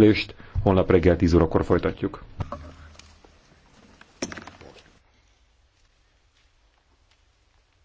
ülést holnap reggel 10 órakor folytatjuk.